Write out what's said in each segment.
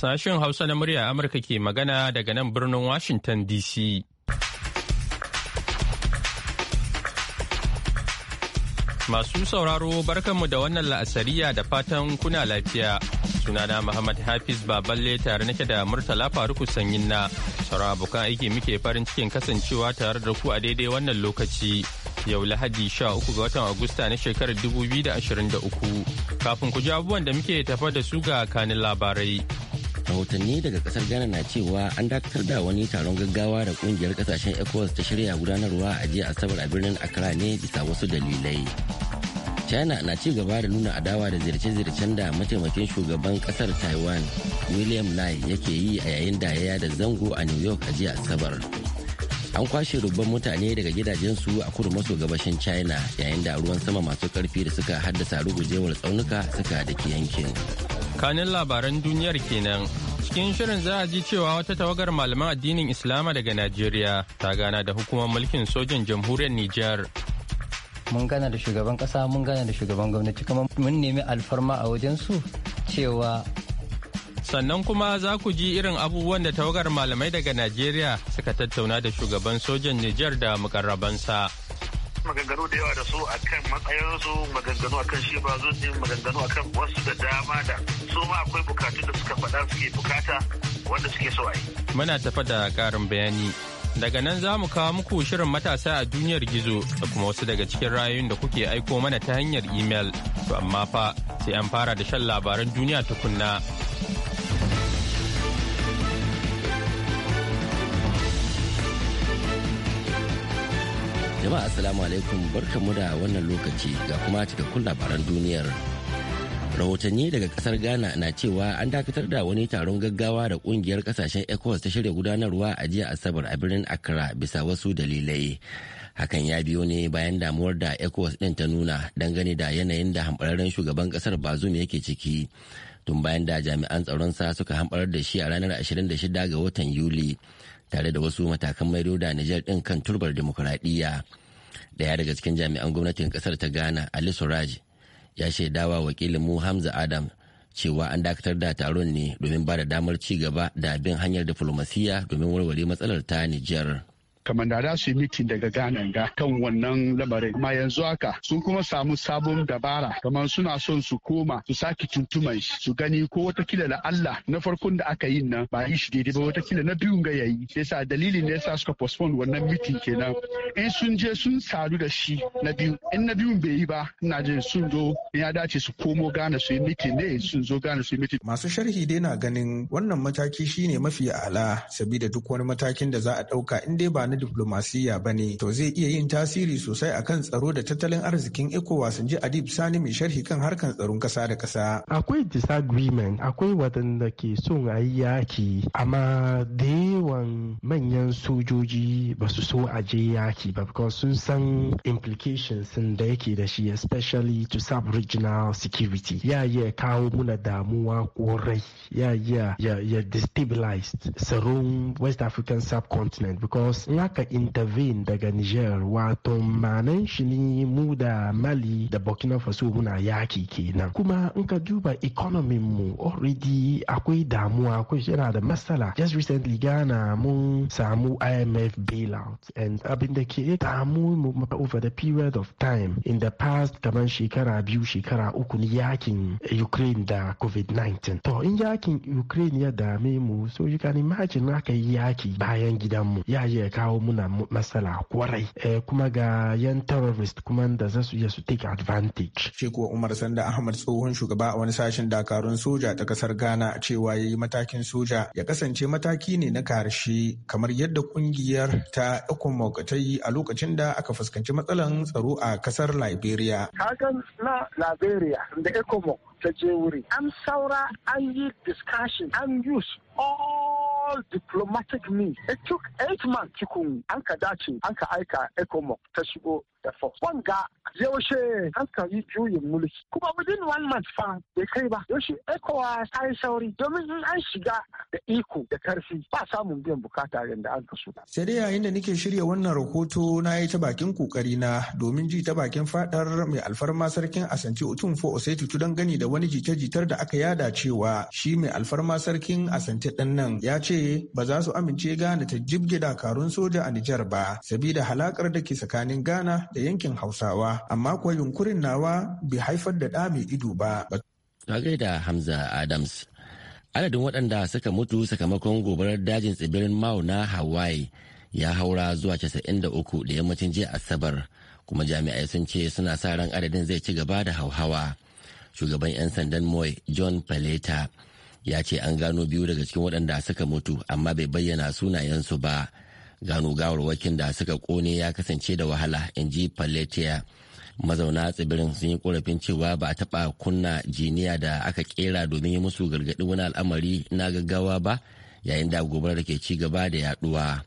Sashen Hausa na murya Amurka ke magana daga nan birnin Washington DC. Masu sauraro barkanmu da wannan la'asariya da fatan kuna lafiya. Sunana Muhammad Hafiz Baballe tare nake da Murtala Faruku Sanyin na sauran abokan aiki muke farin cikin kasancewa tare da ku a daidai wannan lokaci. yau lahadi 13 ga watan agusta na shekarar 2023 kafin ku ji abubuwan da muke tafa da su ga kanin labarai rahotanni daga kasar ghana na cewa an dakatar da wani taron gaggawa da kungiyar kasashen ecowas ta shirya gudanarwa a jiya asabar a birnin accra ne bisa wasu dalilai china na ci gaba da nuna adawa da zirce-zircen da mataimakin shugaban kasar taiwan william lai yake yi a yayin da ya da zango a new york a jiya asabar an kwashe rubban mutane daga gidajensu a kudu maso gabashin china yayin da ruwan sama masu karfi da suka haddasa rugujewar tsaunuka suka ke yankin kanin labaran duniyar kenan cikin shirin za a ji cewa wata tawagar malaman addinin islama daga najeriya ta gana da hukumar mulkin sojin jamhuriyar nijar mun gana da shugaban kasa mun gana da shugaban gwamnati kuma mun nemi alfarma a wajensu cewa sannan kuma za ku ji irin abubuwan da tawagar malamai daga najeriya suka tattauna da shugaban sojan nijar da mukarrabansa. maganganu da yawa da su a akan matsayinsu maganganu a kan shi ba zuci maganganu akan wasu da dama da su ma akwai bukatu da suka faɗa suke bukata wanda suke so a yi. Muna tafa da ƙarin bayani. Daga nan za mu kawo muku shirin matasa a duniyar gizo da kuma wasu daga cikin rayuwar da kuke aiko mana ta hanyar imel. To amma fa sai an fara da shan labaran duniya tukunna. Jama'a Assalamu alaikum barkamu da wannan lokaci ga kuma cikakkun labaran duniyar. Rahotanni daga kasar Ghana na cewa an dakatar da wani taron gaggawa da kungiyar kasashen ECOWAS ta shirya gudanarwa a jiya Asabar a birnin Accra bisa wasu dalilai. Hakan ya biyo ne bayan damuwar da ECOWAS din ta nuna dangane da yanayin da hamɓararren shugaban kasar Bazoum yake ciki. tun bayan da jami'an tsaron sa suka hamɓarar da shi a ranar 26 ga watan Yuli. tare da wasu matakan maido da Nijar ɗin kan turbar demokuraɗiyya. ɗaya daga cikin jami'an gwamnatin ƙasar ta Ghana Ali Suraj ya shaidawa wakilin mu Hamza Adam cewa an dakatar da taron ne domin ba da damar ci gaba da bin hanyar diflomasiyya domin warware matsalar ta Nijar. kamar da za su yi mitin daga Ghana ga kan wannan lamarin. Ma yanzu haka sun kuma samu sabon dabara kamar suna son su koma su sake tuntuman su gani ko watakila da Allah na farkon da aka yi nan ba yi shi daidai ba watakila na biyun ga yayi. sa dalilin da yasa suka postpone wannan mitin kenan. In sun je sun sadu da shi na biyu in na biyun bai yi ba ina jin sun zo ya dace su komo Ghana su yi mitin ne sun zo Ghana su yi mitin. Masu sharhi dai na ganin wannan mataki shine mafi ala sabida duk wani matakin da za a ɗauka in dai ba na diplomasiya ba ne to zai iya yin tasiri sosai akan tsaro da tattalin arzikin ecowas in ji adib sani mai sharhi kan harkar tsaron kasa da kasa akwai disagreement akwai wadanda ke son a yi yaki amma da yawan manyan sojoji ba su so a je yaki ba because sun san implications da yake da shi especially to sub-regional security ya iya kawo muna damuwa korai ya iya ya destabilized, tsaron west african subcontinent because in ka intervene daga niger wato manan shi ne mu da mali da burkina faso muna yaki kenan kuma in ka duba economy mu already akwai damuwa akwai yana da matsala just recently ghana mun samu imf bailout and abin da ke damu mu over the period of time in the past kamar shekara biyu shekara uku ni yakin ukraine da covid-19 to in yakin ukraine ya dame mu so you can imagine ka yaki bayan gidanmu ya iya kawo kawo muna matsala kwarai eh, kuma ga yan terrorist kuma da za su iya su take advantage. Shi kuwa Umar Sanda Ahmad tsohon shugaba a wani sashen dakarun soja ta kasar Ghana cewa ya yi matakin soja ya kasance mataki ne na karshe kamar yadda kungiyar ta ECOMOG ta yi a lokacin da aka fuskanci matsalan tsaro a kasar Liberia. Kagan na Liberia da ECOMOG ta je wuri. An saura an yi discussion an use all all diplomatic means. It took eight months to come. Anka Dachi, Anka ka aika ECOMOC da force wanga yaushe haska yi juyin mulki kuma within one month fa bai kai ba yaushe ecowas ta yi sauri domin in an shiga da iko da karfi ba samun biyan bukata yadda an kasu sai dai yayin da nake shirya wannan rahoto na yi ta bakin kokari na domin ji ta bakin fadar mai alfarma sarkin asante utun fo osetu don gani da wani jita-jitar da aka yada cewa shi mai alfarma sarkin asante din nan ya ce ba za su amince Ghana ta jibge dakarun soja a Nijar ba sabida halakar da ke tsakanin Ghana da yankin Hausawa, amma kuwa yunkurin nawa bai haifar da ɗa mai ido ba. Na da Hamza Adams. Adadin waɗanda suka mutu sakamakon gobarar dajin tsibirin Mau na Hawaii ya haura zuwa 93 da yammacin jiya Asabar, kuma jami'ai sun ce suna sa ran adadin zai ci gaba da hauhawa. Shugaban 'yan sandan Moy John Paleta ya ce an gano biyu daga cikin waɗanda suka mutu amma bai bayyana sunayensu ba. gano gawarwakin da suka kone ya kasance da wahala in ji paletia mazauna tsibirin sun yi korafin cewa ba a taba kunna jiniya da aka kera domin yi musu gargaɗi wani al'amari na gaggawa ba yayin da gobarar ke ci gaba da yaduwa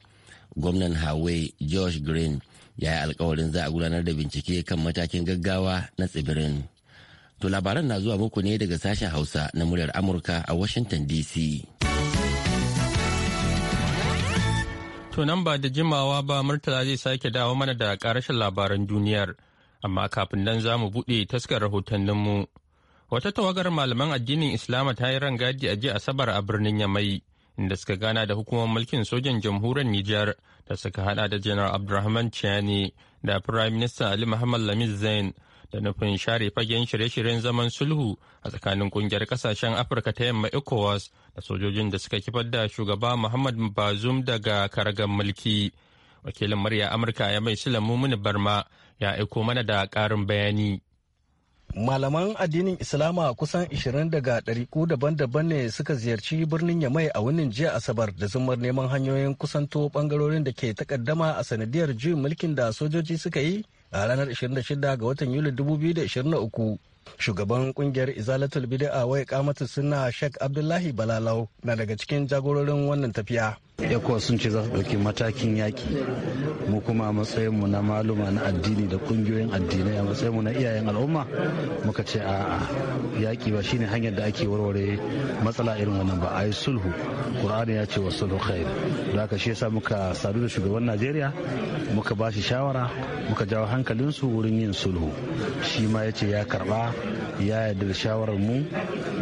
gwamnan hawaii josh green ya yi alkawarin za a gudanar da bincike kan matakin gaggawa na tsibirin to labaran na zuwa muku ne daga sashen hausa na muryar amurka a washington dc To nan ba da jimawa ba Murtala zai sake dawo mana da karashin labaran duniyar, amma kafin nan za mu buɗe taskar rahotanninmu. Wata tawagar malaman addinin Islama ta yi rangadi a jiya Asabar a birnin Yamai, inda suka gana da hukumar mulkin sojan jamhuriyar Nijar da suka hada da Janar Abdulrahman Chiani da Firayim Minister Ali Muhammad Lamin Zain da nufin share fagen shirye-shiryen zaman sulhu a tsakanin kungiyar kasashen afirka ta yamma ecowas da sojojin da suka kifar da shugaba muhammad bazum daga karagar mulki wakilin murya amurka ya mai mini barma ya aiko mana da karin bayani malaman addinin islama kusan 20 daga ɗariku daban-daban ne suka ziyarci birnin yamai a wannan jiya asabar da zumar neman hanyoyin kusanto bangarorin da ke takaddama a sanadiyar juyin mulkin da sojoji suka yi a ranar 26 ga watan Yuli 2023. Shugaban kungiyar Izalatul Bid'a wai kamatu suna Sheikh Abdullahi Balalau na daga cikin jagororin wannan tafiya. ECOWAS sun ce za su ɗauki matakin yaƙi mu kuma a matsayinmu na maluma na addini da ƙungiyoyin addinai a matsayinmu na iyayen al'umma muka ce a yaƙi ba shine hanyar da ake warware matsala irin wannan ba a yi sulhu ƙur'ani ya ce wa sulhu khair da haka shi yasa muka sadu da shugaban najeriya muka bashi shawara muka jawo hankalinsu wurin yin sulhu shi ma ya ce ya karba ya yarda da shawarar mu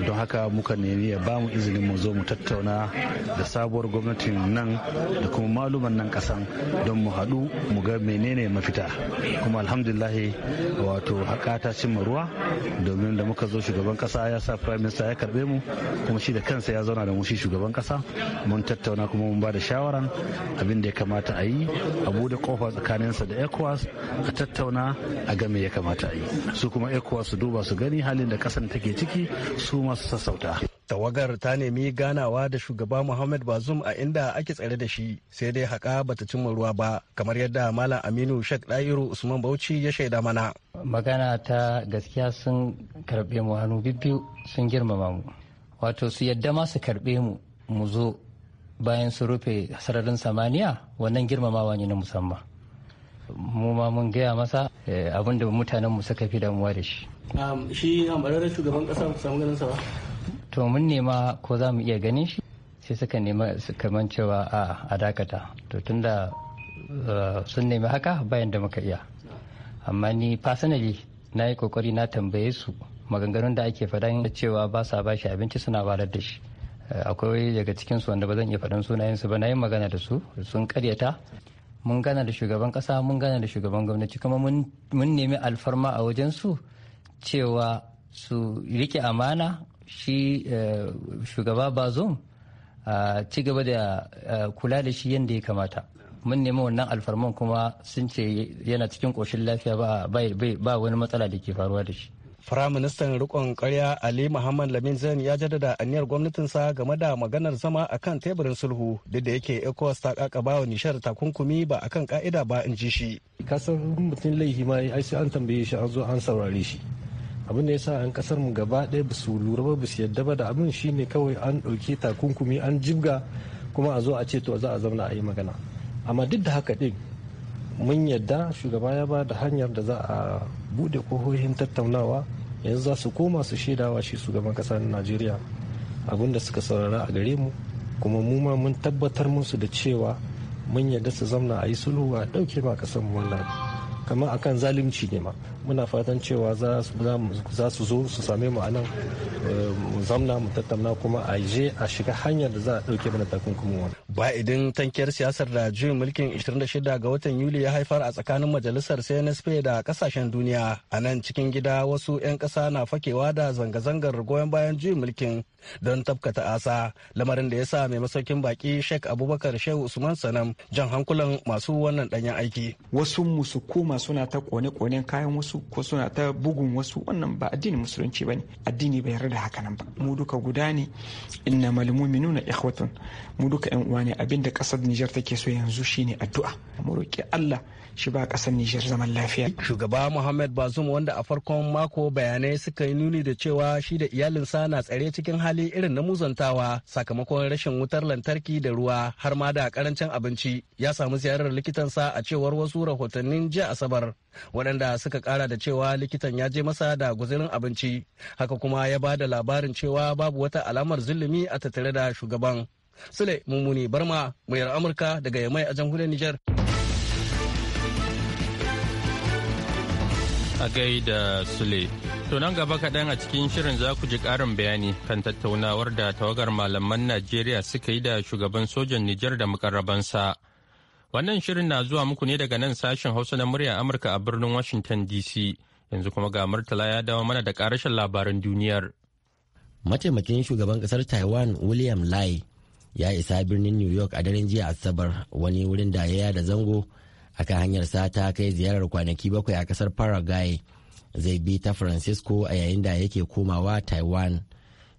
don haka muka nemi ya ba mu izinin mu zo mu tattauna da sabuwar gwamnatin nan da kuma maluman nan kasan don mu haɗu mu ga menene mafita kuma alhamdulillahi wato haƙa ta cimma ruwa domin da muka zo shugaban kasa ya sa prime minister ya karbe mu kuma shi da kansa ya zauna da mu shi shugaban kasa mun tattauna kuma mun ba da shawaran abin da ya kamata a yi a bude kofa tsakaninsa da ecowas a tattauna a game ya kamata a yi su kuma ecowas su duba su gani halin da kasan take ciki su masu sassauta tawagar ta nemi ganawa da shugaba muhammad bazum a inda ake tsare da shi sai dai haka bata cimma ruwa ba kamar yadda malam aminu shek dairu usman bauchi ya shaida mana magana ta gaskiya sun karbe mu hannu bibbiyu sun girmama mu wato su yadda ma su karbe mu mu zo bayan su rufe sararin samaniya wannan girmamawa ne na musamman mu ma mun gaya masa eh, abinda da mutanen mu suka fi damuwa da shi shi amararren shugaban kasa ku samu ganin sa ba to mun nema ko za mu iya ganin shi sai suka nema kamar cewa a dakata to tunda eh, sun nemi haka bayan da muka iya amma ni fasanali na yi kokari na tambaye su maganganun da ake faɗan cewa ba sa ba shi abinci suna barar da shi eh, akwai daga cikin su wanda ba zan iya faɗan sunayen su ba na yi magana da su sun karyata mun gana da shugaban kasa mun gana da shugaban gwamnati kuma mun nemi alfarma a wajen su cewa su rike amana shi eh, shugaba bazum ci gaba da kula da shi yadda ya kamata mun nemi wannan alfarman kuma sun ce yana cikin koshin lafiya ba wani matsala da ke faruwa da shi Firaministan rikon karya Ali Muhammad Lamin Zain ya jaddada aniyar gwamnatinsa game da maganar zama a kan teburin sulhu duk da yake ECOWAS ta kakaba wa nishar takunkumi ba a kan ka'ida ba in ji shi. Kasan mutum laifi ma ai sai an tambaye shi an zo an saurare shi. abin da ya sa an kasar mu gaba ɗaya ba su lura ba su yadda ba da abin shi ne kawai an ɗauki takunkumi an jibga kuma a zo a ce to za a zauna a yi magana amma duk da haka ɗin mun yadda shugaba ya ba da hanyar da za a buɗe kohohin tattaunawa yanzu za su koma su shaidawa shi shugaban ƙasa na najeriya abin da suka saurara a gare mu kuma mu ma mun tabbatar musu da cewa mun yadda su zauna a yi sulhu a ɗauke ma kasar mu wallahi kamar akan zalunci ne ma muna fatan cewa za su zo su same mu anan eh, zamna mu tattauna kuma a je a shiga hanyar da za a ɗauke mana takunkumin wani. ba idan tankiyar siyasar da juyin mulkin 26 ga watan yuli ya haifar a tsakanin majalisar cnsp da kasashen duniya a nan cikin gida wasu 'yan kasa na fakewa da zanga-zangar goyon bayan juyin mulkin don tafkata asa lamarin da ya sa mai masaukin baki sheikh abubakar shehu usman sanam jan hankulan masu wannan danyen aiki wasu musu koma suna ta kone-konen kayan wasu wasu ko suna ta bugun wasu wannan ba addinin musulunci ba ne addini bai yarda da haka nan ba mu duka guda ne inna malmuminuna nuna ikhwatun mu duka yan uwa ne abinda kasar Nijar take so yanzu shine addu'a mu roki Allah shi ba kasar Nijar zaman lafiya. Shugaba Muhammad Bazoum wanda a farkon mako bayanai suka yi nuni da cewa shi da iyalinsa na tsare cikin hali irin na muzantawa sakamakon rashin wutar lantarki da ruwa har ma da karancin abinci ya samu ziyarar likitansa a cewar wasu rahotannin jiya Asabar waɗanda suka kara da cewa likitan ya je masa da guzurin abinci haka kuma ya ba da labarin cewa babu wata alamar zulumi a tattare da shugaban. Sule Mummuni Barma, muyar Amurka daga Yamai a jamhuriyar Nijar. a gaida Sule. To nan gaba kaɗan a cikin shirin za ku ji ƙarin bayani kan tattaunawar da tawagar malaman Najeriya suka yi da shugaban sojan Nijar da mukarrabansa. Wannan shirin na zuwa muku ne daga nan sashen Hausa na muryar Amurka a birnin Washington DC. Yanzu kuma ga Murtala ya dawo mana da ƙarashin labaran duniyar. Mataimakin shugaban ƙasar Taiwan William Lai ya isa birnin New York a daren jiya Asabar wani wurin da ya yada zango. a akan hanyar sata kai ziyarar kwanaki bakwai a kasar paraguay zai bi ta francisco a yayin da yake komawa taiwan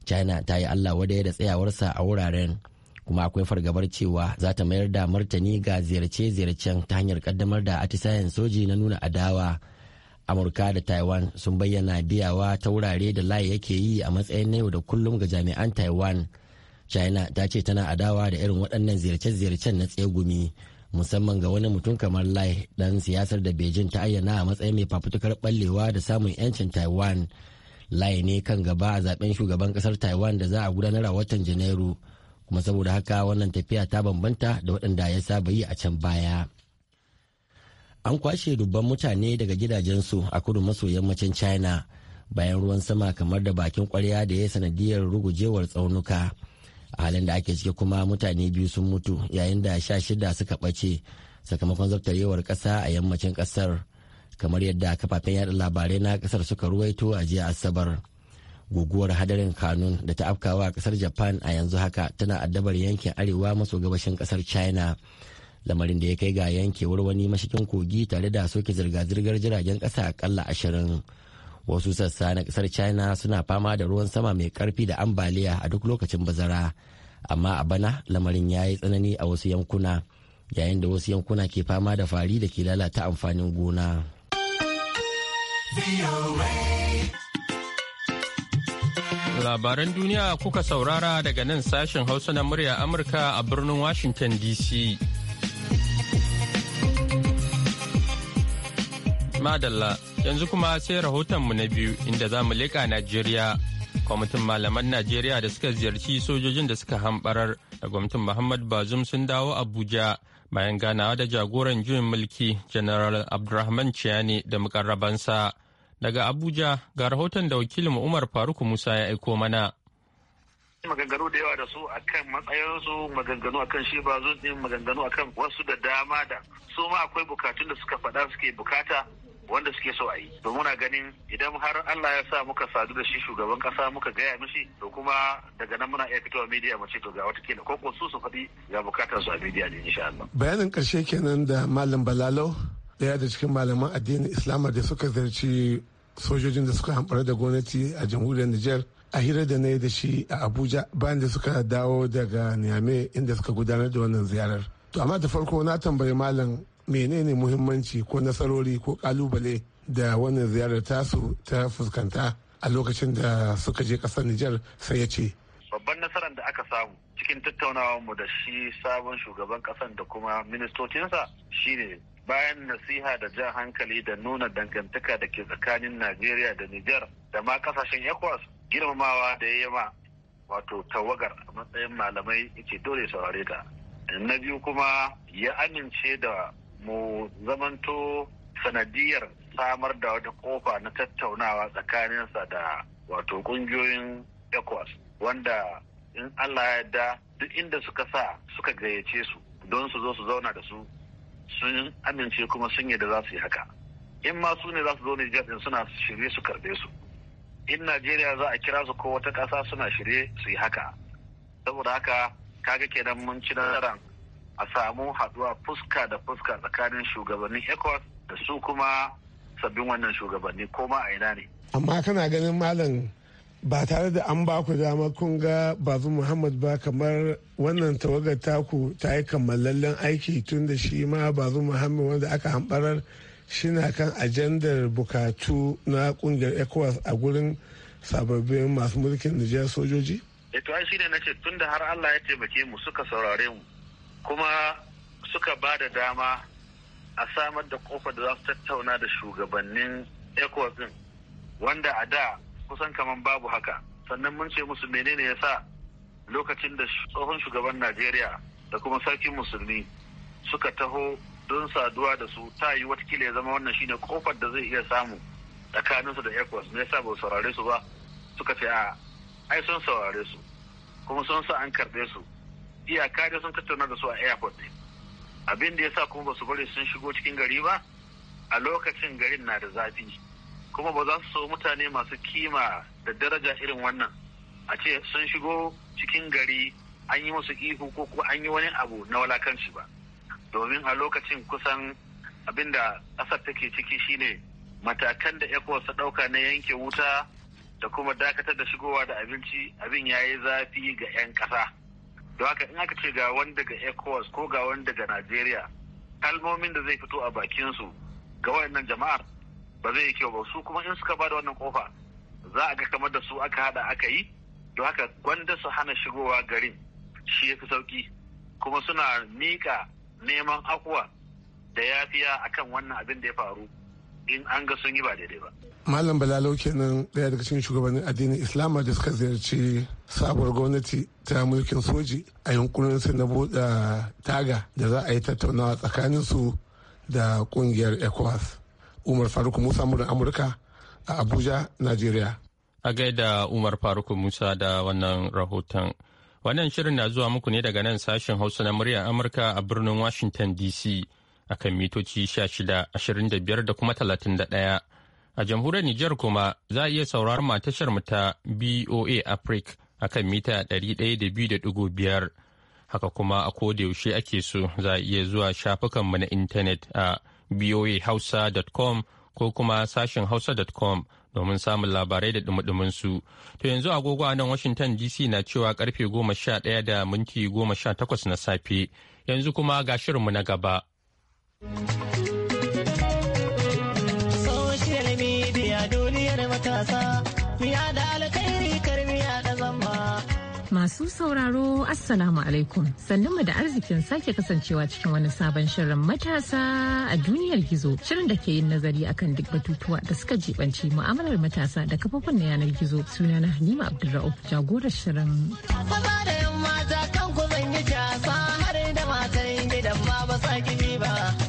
china ta yi allah wadai da tsayawarsa a wuraren kuma akwai fargabar cewa za ta mayar da martani ga ziyarce-ziyarcen ta hanyar kaddamar da atisayen soji na nuna adawa amurka da taiwan sun bayyana biyawa ta wurare da layi yake yi a matsayin na yau da kullum ga jami'an taiwan china ta ce tana adawa da irin waɗannan ziyarce-ziyarcen na tsegumi musamman ga wani mutum kamar lai dan siyasar da beijing ta ayyana a matsayin mai fafutukar ballewa da samun yancin taiwan lai ne kan gaba a zaben shugaban kasar taiwan da za a gudanar a watan janairu kuma saboda haka wannan tafiya ta bambanta da waɗanda ya saba yi a can baya an kwashe dubban mutane daga gidajensu a kudu maso yammacin china bayan ruwan sama kamar da bakin kwarya da ya sanadiyar rugujewar tsaunuka. a halin da ake ciki kuma mutane biyu sun mutu yayin da sha shida suka ɓace sakamakon zartarewar ƙasa a yammacin ƙasar kamar yadda kafafen yada labarai na ƙasar suka ruwaito a jiya asabar guguwar hadarin kanun da ta afkawa ƙasar japan a yanzu haka tana addabar yankin arewa maso gabashin ƙasar china lamarin da ya kai ga yankewar wani mashikin kogi tare da soke zirga-zirgar jiragen ƙasa akalla ashirin wasu sassa na kasar china suna fama da ruwan sama mai karfi da ambaliya a duk lokacin bazara amma a bana lamarin ya yi tsanani a wasu yankuna yayin da wasu yankuna ke fama da fari da ke lalata amfanin gona labaran duniya kuka saurara daga nan sashen hausa na murya amurka a birnin washington dc madalla Yanzu kuma sai rahotonmu na biyu inda za mu leƙa Najeriya. Kwamitin malaman Najeriya da suka ziyarci sojojin da suka hambarar da gwamnatin Muhammad Bazum sun dawo Abuja bayan ganawa da jagoran juyin mulki General Abdurrahman Chiani da mukarrabansa. Daga Abuja ga rahoton da wakilin Umar Faruk Musa ya aiko mana. maganganu da yawa da su akan matsayinsu maganganu akan shi ba zuɗin maganganu akan wasu da dama da su ma akwai bukatun da suka faɗa suke bukata wanda suke so a yi to muna ganin idan har Allah ya sa muka sadu da shi shugaban kasa muka gaya mishi to kuma daga nan muna iya fitowa media mu ce to ga wata ko su su faɗi ga bukatar su a media ne insha Allah bayanin karshe kenan da malam Balalo daya da cikin malaman addinin islama da suka zarci sojojin da suka hamfara da gwamnati a jamhuriyar Nijar a hira da na da shi a Abuja bayan da suka dawo daga Niamey inda suka gudanar da wannan ziyarar. To amma da farko na tambayi malam menene muhimmanci ko nasarori ko kalubale da wannan ziyarar tasu ta fuskanta a lokacin da suka je kasar Nijar sai ya ce. Babban nasarar da aka samu cikin tattaunawarmu da shi sabon shugaban kasar da kuma ministocinsa shine bayan nasiha da jan hankali da nuna dangantaka da ke tsakanin Najeriya da Nijar da ma kasashen ECOWAS girmamawa da ya yama wato tawagar a matsayin malamai yake dole saurare ta. Na biyu kuma ya amince da mu zamanto sanadiyar samar da wata kofa na tattaunawa tsakaninsa da wato kungiyoyin ECOWAS wanda in Allah ya yarda duk inda suka sa suka gayyace su don su zo su zauna da su sun amince kuma sun yi da za su yi haka in ma su ne za su zo Nijar din suna shirye su karbe su in Najeriya za a kira su ko wata ƙasa suna shirye su yi haka saboda haka kaga kenan mun ci nasarar a samu haduwa fuska da fuska tsakanin shugabannin ECOWAS da su kuma sabbin wannan shugabanni ko ma a ina ne. Amma kana ganin malam ba tare da an ba ku dama kun ga babu Muhammad ba kamar wannan tawagar taku ta yi kammalallen aiki tun da shi ma babu Muhammad wanda aka hambarar shi na kan ajandar bukatu na kungiyar ECOWAS a gurin sababbin masu mulkin Nijar sojoji? Eto eh, ai shi ne na ce tun da har Allah ya taimake mu suka saurare mu kuma suka ba da dama a samar da kofar da za su tattauna da shugabannin ecowas din wanda a da kusan kamar babu haka sannan mun ce musu menene ya sa lokacin da tsohon shugaban najeriya da kuma sarkin musulmi suka taho don saduwa da su ta yi watakila ya zama wannan shine kofar da zai iya samu tsakaninsu da Ecos. me yasa ba saurare su ba suka ce a ai sun saurare su kuma sun sa an karɓe su iyaka da sun tattauna da su a airport ne abin da ya sa kuma basu bari sun shigo cikin gari ba a lokacin garin na da zafi kuma ba za su so mutane masu kima da daraja irin wannan a ce sun shigo cikin gari an yi musu ihu ko kuma an yi wani abu na walakanci ba domin a lokacin kusan abin da ƙasar take ciki shine matakan da ecowas ta ɗauka na yanke wuta da kuma dakatar da shigowa da abinci abin ya yi zafi ga 'yan ƙasa don haka in aka ce ga wani daga ecowas ko ga wani daga najeriya kalmomin da zai fito a bakin su ga wayannan jama'ar ba zai yi kyau ba su kuma in suka bada wannan kofa za a ga kamar da su aka hada aka yi don haka gwanda su hana shigowa garin shi ya fi sauki kuma suna miƙa neman akuwa da yafiya akan wannan abin da ya faru in an ga sun yi ba daidai ba. Malam Balalo kenan ɗaya daga cikin shugabannin addinin Islam da suka ziyarci sabuwar gwamnati ta mulkin soji a yankunan su na buɗe ah, taga da za a yi tattaunawa tsakanin su da ƙungiyar ECOWAS. Umar Faruk Musa murin Amurka a Abuja, Najeriya. A gaida Umar Faruk Musa da wannan rahoton. Wannan shirin na zuwa muku ne daga nan sashen Hausa na murya Amurka a birnin Washington DC. akan mitoci 1625 da kuma 31. A jamhuriyar Nijar kuma za a iya sauraron matashar mu ta BOA Africa akan mita 102.5. Haka kuma a kodayaushe ake so za a iya zuwa shafukanmu na intanet a boahausa.com ko kuma sashen hausa.com domin samun labarai da dumudumin su. To yanzu agogo a nan Washington DC na cewa karfe goma sha ɗaya da minti goma sha takwas na safe. Yanzu kuma ga shirinmu na gaba. Social media duniyar matasa, da alkhairi da zamba. Masu sauraro Assalamu alaikum mu da arzikin sake kasancewa cikin wani sabon shirin matasa a duniyar gizo shirin da ke yin nazari akan duk batutuwa da suka jibanci mu'amalar matasa da kafofin na yanar gizo Suna na Halima Abdulra'uf jagorar shirin. Maza da kan da matan ba ba.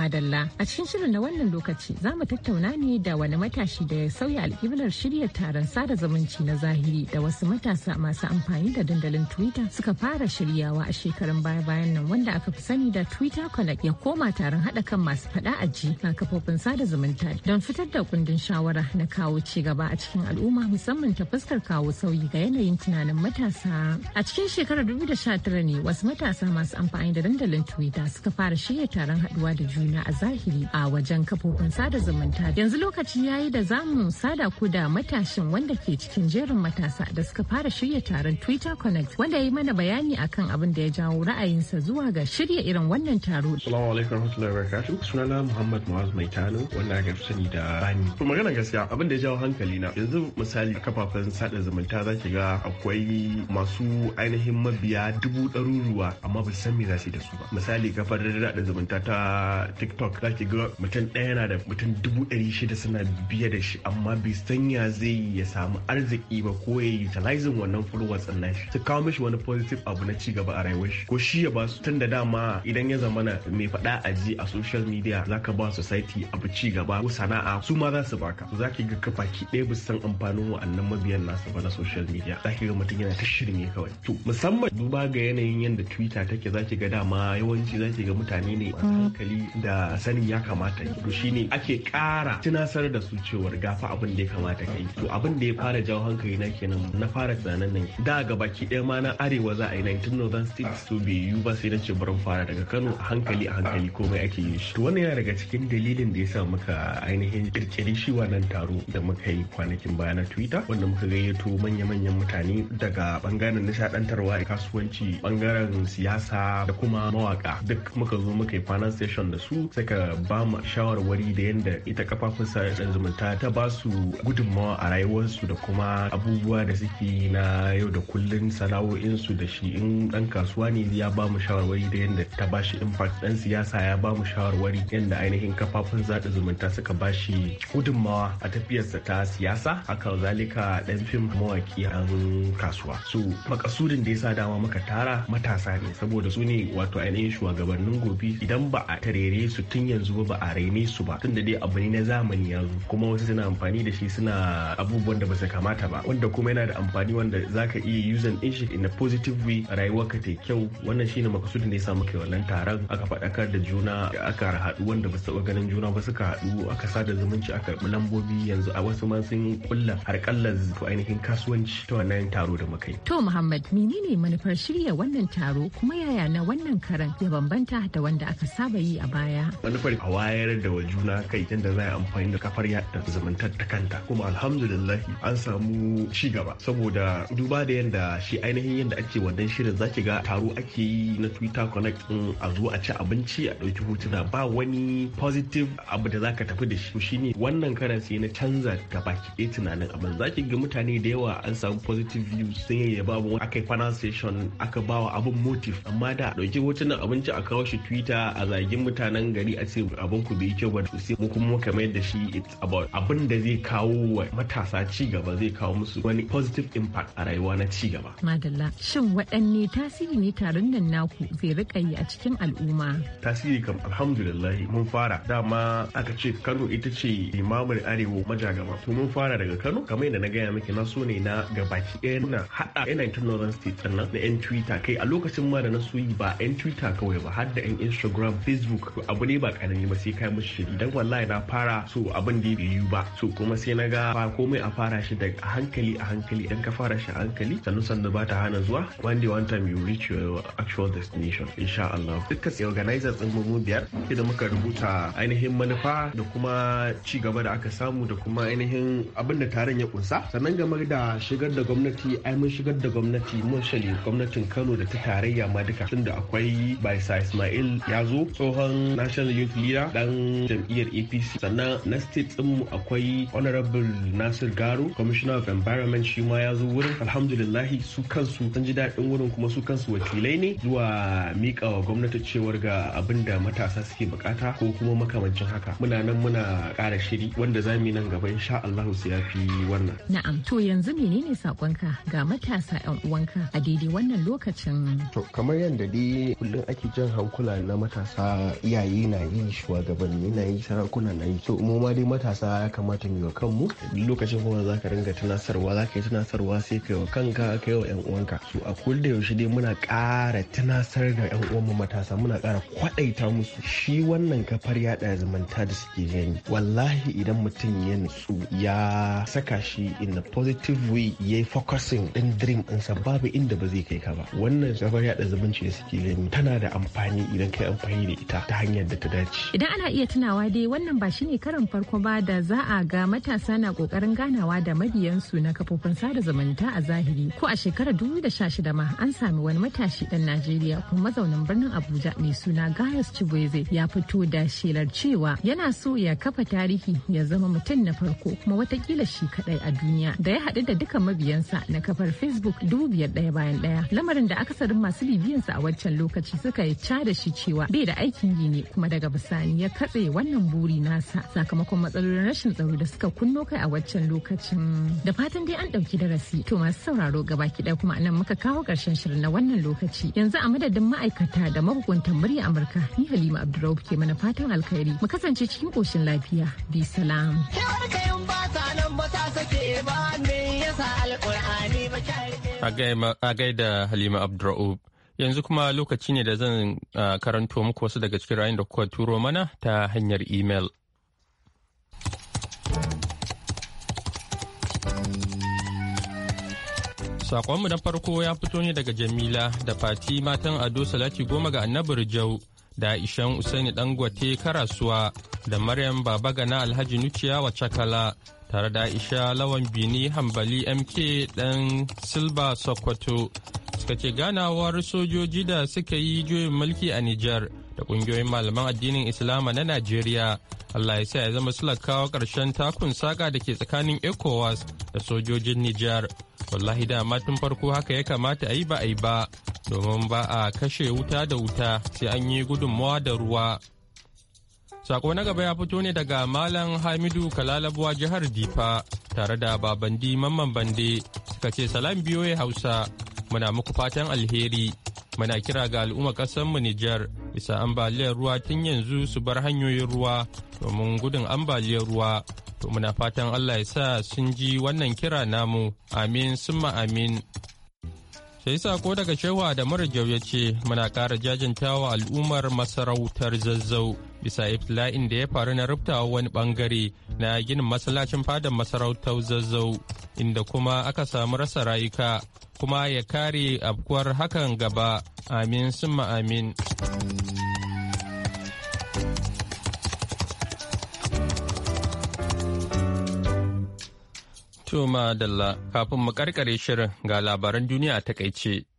madalla. A cikin shirin na wannan lokaci za mu tattauna ne da wani matashi da ya sauya alƙiblar shirya taron sada zumunci na zahiri da wasu matasa masu amfani da dandalin Twitter suka fara shiryawa a shekarun baya-bayan nan wanda aka fi sani da Twitter Connect ya koma taron haɗa kan masu faɗa a ji na kafofin sada zumunta don fitar da kundin shawara na kawo ci gaba a cikin al'umma musamman ta fuskar kawo sauyi ga yanayin tunanin matasa. A cikin shekarar 2019 ne wasu matasa masu amfani da dandalin Twitter suka fara shirya taron haɗuwa da juna na a zahiri a wajen kafofin sada zumunta yanzu lokaci yayi da zamu sada ku da matashin wanda ke cikin jerin matasa da suka fara shirya taron Twitter Connect wanda ya yi mana bayani akan abin da ya jawo ra'ayinsa zuwa ga shirya irin wannan taro. Assalamu alaikum warahmatullahi wabarakatuh. Sunana Muhammad Muaz Maitano wanda aka fi sani da Bani. To magana gaskiya abin da ya jawo hankali na yanzu misali kafafen sada zumunta zaki ga akwai masu ainihin mabiya dubu ɗaruruwa amma ba san me za su yi da su ba. Misali kafar da zumunta ta tiktok za ki ga mutum ɗaya yana da mutum dubu ɗari shida suna biye da shi amma bai sanya zai ya samu arziki ba ko ya utilizing wannan followers ɗin nashi su kawo mishi wani positive abu na ci gaba a rayuwar shi ko shi ya ba su tun da dama idan ya zamana mai faɗa a ji a social media zaka ba society abu ci gaba ko sana'a su ma za su baka za ki ga kafa ki ɗaya bisa san amfanin wa'annan mabiyan nasu ba na social media za ki ga mutum yana ta shirme kawai to musamman duba ga yanayin yadda twitter take za ki ga dama yawanci za ki ga mutane ne masu mm. hankali da da sanin ya kamata yi to shine ake ƙara tunasar da su cewar gafa abin da ya kamata kai to abin da ya fara jawo hankali na kenan na fara tunanin nan da ga baki ɗaya ma na arewa za a yi 19 northern states to bai yiwu ba sai na ce barin fara daga kano a hankali a hankali komai ake yin shi to wannan yana daga cikin dalilin da ya sa muka ainihin kirkiri shi wannan taro da muka yi kwanakin baya na twitter wanda muka gayyato manya-manyan mutane daga bangaren nishadantarwa kasuwanci bangaren siyasa da kuma mawaka duk muka zo muka yi kwanan station da su saka suka ba mu shawarwari da yadda ita kafafun sadarwar zumunta ta ba su gudunmawa a rayuwarsu da kuma abubuwa da suke na yau da kullun sana'o'insu da shi in dan kasuwa ne ya ba mu shawarwari da yadda ta ba shi impact dan siyasa ya ba mu shawarwari yadda ainihin kafafun zaɗa zumunta suka ba shi gudunmawa a tafiyarsa ta siyasa haka zalika dan fim mawaki an kasuwa so makasudin da ya sa dama muka tara matasa ne saboda su ne wato ainihin shugabannin gobe idan ba a tarere su tun yanzu ba a raine su ba tun da dai abu ne na zamani yanzu kuma wasu suna amfani da shi suna abubuwan da ba su kamata ba wanda kuma yana da amfani wanda zaka iya using din shi in a positive way ka ta kyau wannan shine makasudin da ya sa wannan taron aka faɗakar da juna aka haɗu wanda ba su taɓa ganin juna ba suka haɗu aka da zumunci aka karɓi lambobi yanzu a wasu ma sun kulla zuwa ainihin kasuwanci ta wannan taro da muka To Muhammad ne manufar shirya wannan taro kuma yaya na wannan karan ya bambanta da wanda aka saba yi a baya? baya manufar a wayar da wa juna kai tunda za a amfani da kafar ya ta zumuntar ta kanta kuma alhamdulillah an samu ci gaba saboda duba da yadda shi ainihin yadda ake wannan shirin zaki ga taro ake yi na twitter connect din a zo a ci abinci a ɗauki hotuna ba wani positive abu da zaka tafi da shi shine wannan karan sai na canza gabaki ɗaya tunanin abin zaki ga mutane da yawa an samu positive views sun ya babu aka yi pronunciation aka bawa abin motive amma da ɗauki hotunan abinci a kawo shi twitter a zagin mutanen gari a ce abin ku bai kyau ba sai mu kuma kamar mayar da shi it's about abun abin da zai kawo wa matasa ci gaba zai kawo musu wani positive impact a rayuwa na ci gaba. Madalla, shin waɗanne tasiri ne taron nan naku zai rika yi a cikin al'umma? Tasiri kam alhamdulillah mun fara dama aka ce Kano ita ce limamin arewa majagaba. To mun fara daga Kano kamar yadda na gaya miki na so ne na gabaki ɗaya na haɗa ta Northern State na yan Twitter kai a lokacin ma da na so yi ba yan Twitter kawai ba har da yan Instagram, Facebook abu ne ba ƙarami ba sai kai mushi shiri dan wallahi na fara so abin da yiwu ba to kuma sai na ga ba komai a fara shi daga hankali a hankali dan ka fara shi a hankali sannu sannu ba ta hana zuwa one day one time you reach your actual destination insha Allah dukkan organizers din mu biyar da muka rubuta ainihin manufa da kuma ci gaba da aka samu da kuma ainihin abin da taron ya kunsa sannan game da shigar da gwamnati ai mun shigar da gwamnati mun shali gwamnatin Kano da ta tarayya ma duka tunda akwai Baisa Ismail ya zo tsohon National Youth Leader dan jam'iyyar APC sannan na state din akwai honorable nasir garo commissioner of environment shi ma ya zo wurin alhamdulillahi su kansu sun ji daɗin wurin kuma su kansu wakilai ne zuwa mika wa gwamnati cewar ga abin da matasa suke bukata ko kuma makamancin haka muna nan muna ƙara shiri wanda za mu yi nan gaba insha Allah su ya fi wannan. Na'am to yanzu menene sakonka ga matasa 'yan uwanka a daidai wannan lokacin? To kamar yadda dai kullum ake jan hankula na matasa iyaye na yi shugabanni na yi sarakuna na yi to mu ma dai matasa ya kamata mu yi wa kanmu lokacin kuma za ka ringa tunasarwa za ka yi tunasarwa sai ka yi wa kanka ka yi wa yan uwanka su a da yaushe dai muna ƙara tunasar da yan uwanmu matasa muna ƙara kwaɗaita musu shi wannan kafar yaɗa zumunta da suke gani wallahi idan mutum ya nutsu ya saka shi in a positive way ya yi focusing ɗin dream sa babu inda ba zai kai ka ba wannan kafar yaɗa zumunci da suke gani tana da amfani idan kai amfani da ita ta hanyar da ta dace idan ana iya tunawa dai wannan ba shine karin farko ba da da za a ga matasa na kokarin ganawa da mabiyansu na kafofin sada zumunta a zahiri ko a shekarar 2016 ma an sami wani matashi dan Najeriya kuma mazaunin birnin Abuja mai suna Gayus Chibweze ya fito da shelar cewa yana so ya kafa tarihi ya zama mutum na farko kuma watakila shi kadai a duniya da ya haɗu da duka mabiyansa na kafar Facebook dubu biyar ɗaya bayan ɗaya lamarin da akasarin masu bibiyansa a wancan lokaci suka yi ca da shi cewa bai da aikin yi ne kuma daga bisani ya katse wannan buri nasa sakamakon matsalolin matsalolin rashin tsaro da suka kunno kai a waccan lokacin. Da fatan dai an ɗauki darasi to masu sauraro gaba ɗaya kuma anan muka kawo karshen shirin na wannan lokaci. Yanzu a madadin ma'aikata da mahukuntan murya Amurka ni Halima Abdurrauf ke mana fatan alkhairi. Mu kasance cikin koshin lafiya. Bi salam. A gaida Halima Abdurrauf. Yanzu kuma lokaci ne da zan ah, karanto muku wasu daga cikin ra'ayin da kuka turo mana ta hanyar email. Sakonmu na farko ya fito ne daga Jamila da Fati matan Ado Salati goma ga annabar Jau da Ishan Usaini Dangote Karasuwa da Maryam na Alhaji Nuciya wa Cakala tare da Aisha Lawan Bini Hambali MK dan Silba Sokoto suka ce ganawar sojoji da suka yi juyin mulki a Nijar da ƙungiyoyin malaman addinin Islama na Najeriya. Allah ya sa ya zama kawo ƙarshen takun saƙa da ke tsakanin ECOWAS da sojojin Nijar. wallahi dama tun farko haka ya kamata a yi ba a yi ba domin ba a kashe wuta da wuta sai an yi gudunmawa da ruwa sako na gaba ya fito ne daga malam hamidu kalalabuwa jihar difa tare da babandi mamman bande suka ce salam ya hausa muna muku fatan alheri Muna kira ga al'umma ƙasarmu Nijar bisa ambaliyar ruwa tun yanzu su bar hanyoyin ruwa domin gudun ambaliyar ruwa. To muna fatan Allah ya sa sun ji wannan kira namu. Amin summa amin. sai sako daga Shehu da mara ya ce muna ƙara jajantawa al'ummar masarautar zazzau bisa iftila'in da ya faru na rubtawa wani bangare na ginin masallacin fadar masarautar zazzau inda kuma aka samu rasa rayuka kuma ya kare afkuwar hakan gaba amin sun amin Tuma Dalla kafin mu karkare shirin ga labaran duniya a takaice.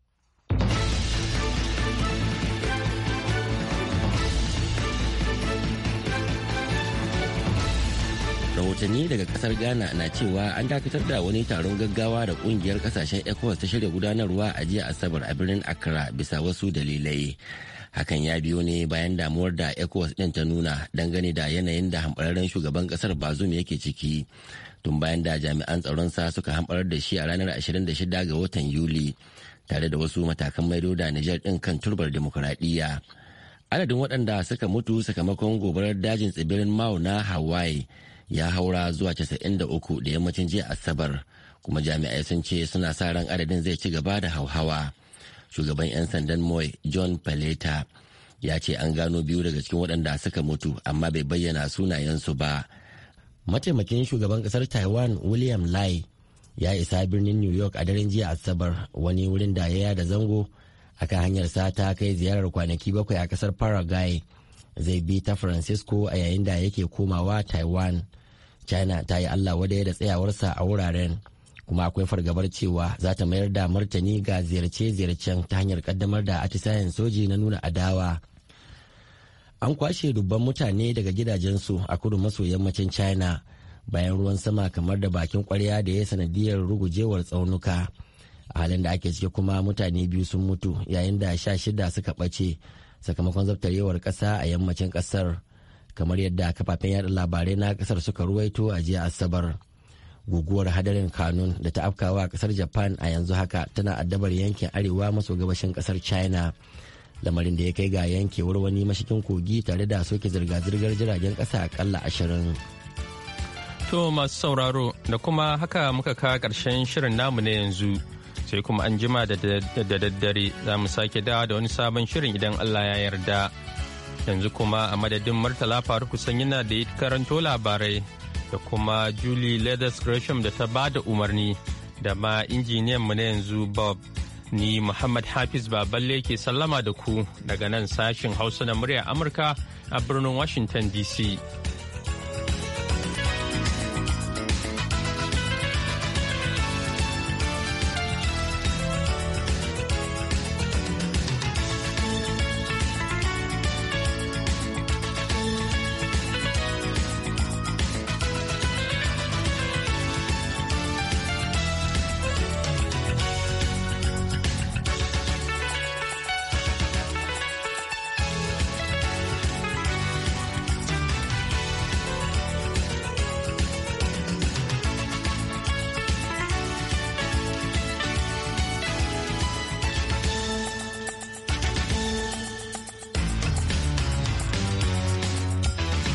rahotanni daga kasar ghana na cewa an dakatar da wani taron gaggawa da kungiyar kasashen ecowas ta shirya gudanarwa a jiya asabar a birnin accra bisa wasu dalilai hakan ya biyo ne bayan damuwar da ecowas din ta nuna dangane da yanayin da hambararren shugaban kasar bazum yake ciki tun bayan da jami'an tsaron sa suka hambarar da shi a ranar 26 ga watan yuli tare da wasu matakan maido da nijar din kan turbar demokuraɗiyya adadin waɗanda suka mutu sakamakon gobarar dajin tsibirin mau na hawaii ya haura zuwa 93 da yammacin jiya asabar kuma jami'ai sun ce suna sa ran adadin zai ci gaba da hauhawa shugaban 'yan sandan moy john paleta ya ce an gano biyu daga cikin waɗanda suka mutu amma bai bayyana sunayensu ba mataimakin shugaban ƙasar taiwan william lai ya isa birnin new york a daren jiya asabar wani wurin da ya yada zango a akan hanyar sata kai ziyarar kwanaki bakwai a ƙasar paraguay zai bi ta francisco a yayin da yake komawa taiwan china ta yi allah ya da tsayawarsa a wuraren kuma akwai fargabar cewa za ta mayar da martani ga ziyarce-ziyarcen ta hanyar kaddamar da atisayen soji na nuna adawa an kwashe dubban mutane daga gidajensu a kudu maso yammacin china bayan ruwan sama kamar da bakin kwarya da ya sanadiyar rugujewar tsaunuka a halin da ake ciki kuma mutane biyu sun mutu yayin da sha shida suka ɓace sakamakon zabtarewar kasa a yammacin kasar. kamar yadda kafafen yada labarai na kasar suka ruwaito a jiya asabar guguwar hadarin kanun da ta afkawa kasar japan a yanzu haka tana addabar yankin arewa maso gabashin kasar china lamarin da ya kai ga yankewar wani mashikin kogi tare da soke zirga-zirgar jiragen kasa akalla ashirin to masu sauraro da kuma haka muka kawo karshen shirin namu na yanzu sai kuma an jima da daddare za mu sake dawa da wani sabon shirin idan allah ya yarda yanzu kuma a madadin Murtala Faruku yana da ya karanto labarai da kuma Julie Leathers Gresham da ta ba da umarni da ma injiniyan mu na yanzu Bob. Ni Muhammad Hafiz Baballe ke sallama da ku daga nan sashin Hausa na murya Amurka a birnin Washington DC.